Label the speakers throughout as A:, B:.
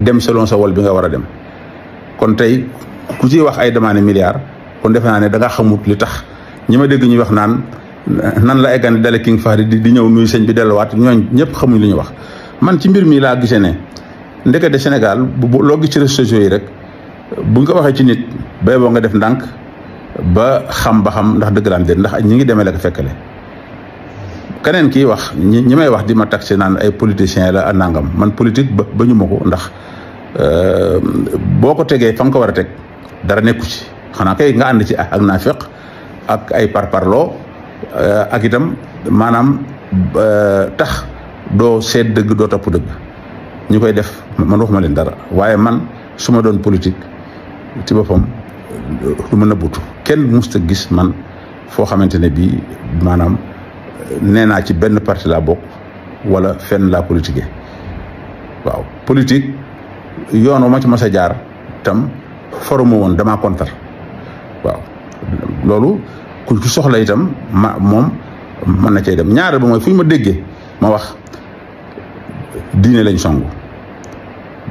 A: dem selon sa wol bi nga war a dem kon tey ku ciy wax ay demande milliards kon defe naa ne da nga xamut li tax ñi ma dégg ñuy wax naan nan la eggan dale King Fahd di di ñëw nuyu sëñ bi delluwaat ñooñ ñëpp xamuñ li ñu wax man ci mbir mi laa gisee ne ndekete Sénégal bu loo gis ci réseaux sociaux yi rek bu ko waxee ci nit bay boo nga def ndànk ba xam ba xam ndax dëgg laan déet ndax ñi ngi demee la ko le keneen kii wax ñi may wax di ma taxé naan ay politiciens la nangam man politique ba ba ñu ma ko ndax Euh, boo ko tegee fa ko war a teg dara nekku ci xanaa kay nga ànd ci ak naafeq ak ay parparloo euh, ak itam maanaam euh, tax doo seet dëgg doo topp dëgg ñu koy def man waxuma leen dara waaye man su ma doon politique ci boppam du ma nëbbutu kenn musta gis man foo xamante ne bii maanaam nee naa ci benn parti la bokk wala fenn laa politique waaw politique yoon ma ci mas a jaar tam foruma woon damaa kontar waaw loolu ku ci soxla itam ma moom mën na cee dem ñaar ba mooy fu ñu ma déggee ma wax diine lañ songu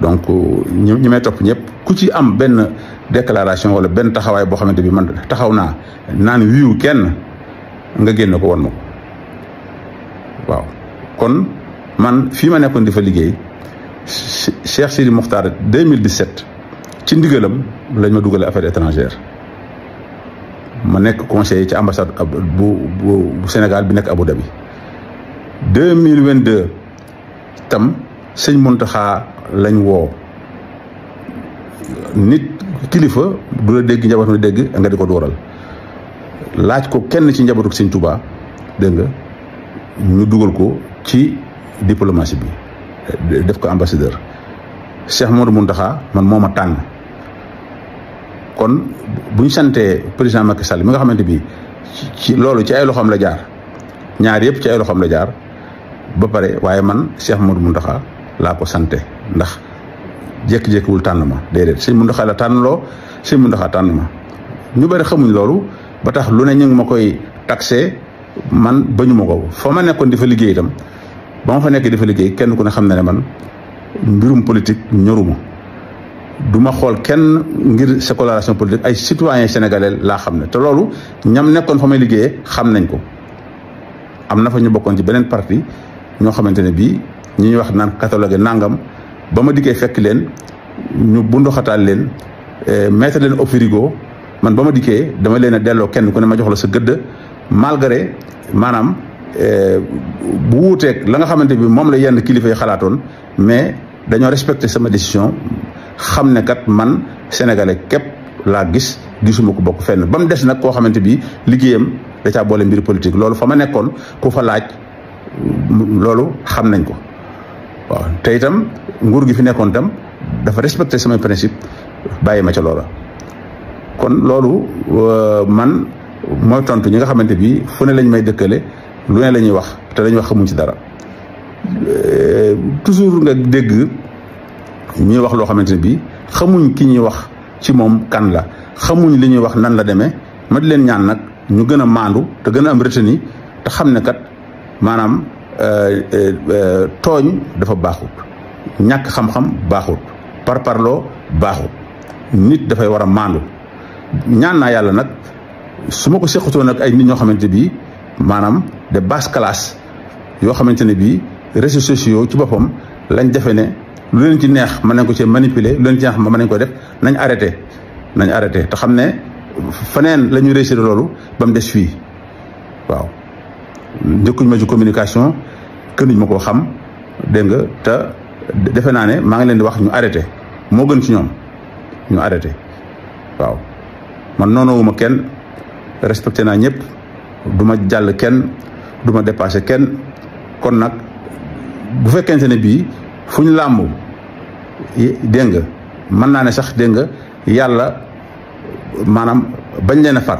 A: donc ñi ñu may topp ñëpp ku ci am benn déclaration wala benn taxawaay boo xamante bi man taxaw naa naan wiiw kenn nga génne ko won ma ko waaw kon man fii ma nekkoon di fa liggéey Cheikh Sidi Mokhtar 2017 ci ndigalam lañ ma dugalee affaire étrangère ma nekk conseil ci ambassade bu bu Sénégal bi nekk Abu Dhabi 2022 tam sëñ Mountakha lañ woo nit kilifa du la dégg njaboot na dégg nga di ko dooral laaj ko kenn ci njabootu sëñ Touba dégg nga ñu dugal ko ci diplomatie bi def ko ambassadeur Cheikh Modou Mountakha man moo ma tànn kon bu santee président Macky Sall mi nga xamante bi ci loolu ci ay loxoom la jaar ñaar yëpp ci ay loxoom la jaar ba pare waaye man Cheikh Modou Mountakha laa ko sante ndax jékki-jékkiwul tànn ma déedéet sëñ Mountakha la tànnloo sëñ Mountakha tànn ma ñu bari xamuñ loolu ba tax lu ne ñu ma koy taxé man bañu ma ko fa ma nekkoon di fa liggéey itam ba fa nekk di fa kenn ku ne xam na ne man mbirum politique ñoruma duma xool kenn ngir sécularisation politique ay citoyen sénégalais laa xam ne te loolu ñam nekkoon fa may liggéeyee xam nañ ko am na fa ñu bokkoon ci beneen parti ñoo xamante ne bii ñi ñuy wax naan catalogue nangam ba ma dikkee fekk leen ñu bunduxataal leen eh, mettre leen au frigo man ba ma dikkee dama leen a delloo kenn ku ne ma jox la sa gëdd malgré maanaam bu wuuteeg la nga xamante bi moom la yenn kilifa yi xalaatoon mais dañoo respecté sama décision xam ne kat man sénégalais képp laa gis gisuma ko bokk fenn ba mu des nag koo xamante bi liggéeyam da boole mbir politique loolu fa ma nekkoon ku fa laaj loolu xam nañ ko waaw te nguur gi fi nekkoon itam dafa respecté sama principe bàyyi ma ca loola kon loolu euh, man mooy tontu ñi nga xamante bi fu ne lañ may dëkkale lu ne la ñuy wax te lañuy ñuy wax xamuñ ci dara euh, toujours nga dégg ñuy wax loo xamante ne bii xamuñ ki ñuy wax ci moom kan la xamuñ li ñuy wax nan la demee ma leen ñaan nag ñu gën a maandu te gën a am reteni te xam ne kat maanaam euh, euh, tooñ dafa baaxut ñàkk xam-xam baaxut parparloo baaxut nit dafay war a maandu ñaan naa yàlla nag su ma ko seqatoon nag ay nit ñoo xamante bii maanaam de basse classe yoo xamante ne bii réseaux sociaux ci boppam lañ defe ne lu leen ci neex ma nañ ko ci manipuler lu leen ci neex mën nañ ko def nañ arrêté nañ arrêté te xam ne feneen la ñu réussir loolu ba des fii waaw njëkkuñ ma ci communication kënuñ ma koo xam dégg nga te defe naa ne maa ngi leen di wax ñu arrêté moo gën ci ñoom ñu arrêté waaw man noonu wuma kenn respecté naa ñëpp du ma jàll kenn duma ma kenn kon nag bu fekkente ne bii fu ñu làmb dégg nga mën naa ne sax dégg nga yàlla maanaam bañ leen a far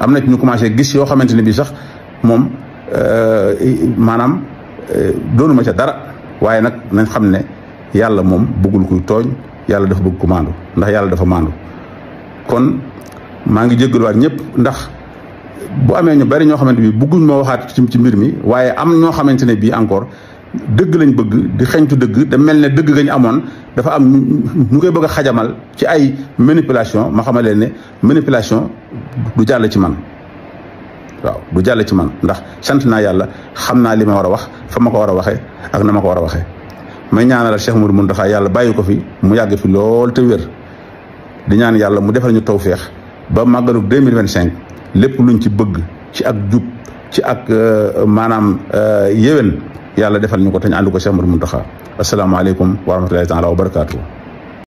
A: am na ci ñu commencé gis yoo xamante ne bii sax moom euh, maanaam euh, doonuma ca dara waaye nag nañ xam ne yàlla moom bëggul kuy tooñ yàlla dafa bëgg ku maandu ndax yàlla dafa maandu kon maa ngi jégaluwaat ñëpp ndax. bu amee ñu bari ñoo xamante bi bëgguñ moo waxaat ci ci mbir mi waaye am ñoo xamante ne bii encore dëgg lañ bëgg di xeñtu dëgg da mel ne dëgg gañ amoon dafa am ñu koy bëgg a xajamal ci ay manipulation ma xamal leen ne manipulation du jàll ci man waaw du jàll ci man ndax sant naa yàlla xam naa li ma war a wax fa ma ko war a waxee ak na ma ko war a waxee may ñaanalal Cheikh Mourou Mountakha yàlla bàyyi ko fi mu yàgg fi lool te wér di ñaan yàlla mu defal ñu feex ba màggalu 2025 lépp luñ ci bëgg ci ak jub ci ak euh, maanaam euh, yéwén yàlla defal ñu ko te ñu ànd ko Cheikh Mouhamadou Mountakha asalaamaaleykum wa rahmatullahi taala wa barakaatu.